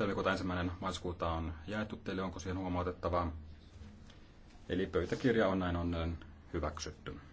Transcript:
Helmikuuta ensimmäinen maaliskuuta on jaettu teille, onko siihen huomautettavaa. Eli pöytäkirja on näin onneen hyväksytty.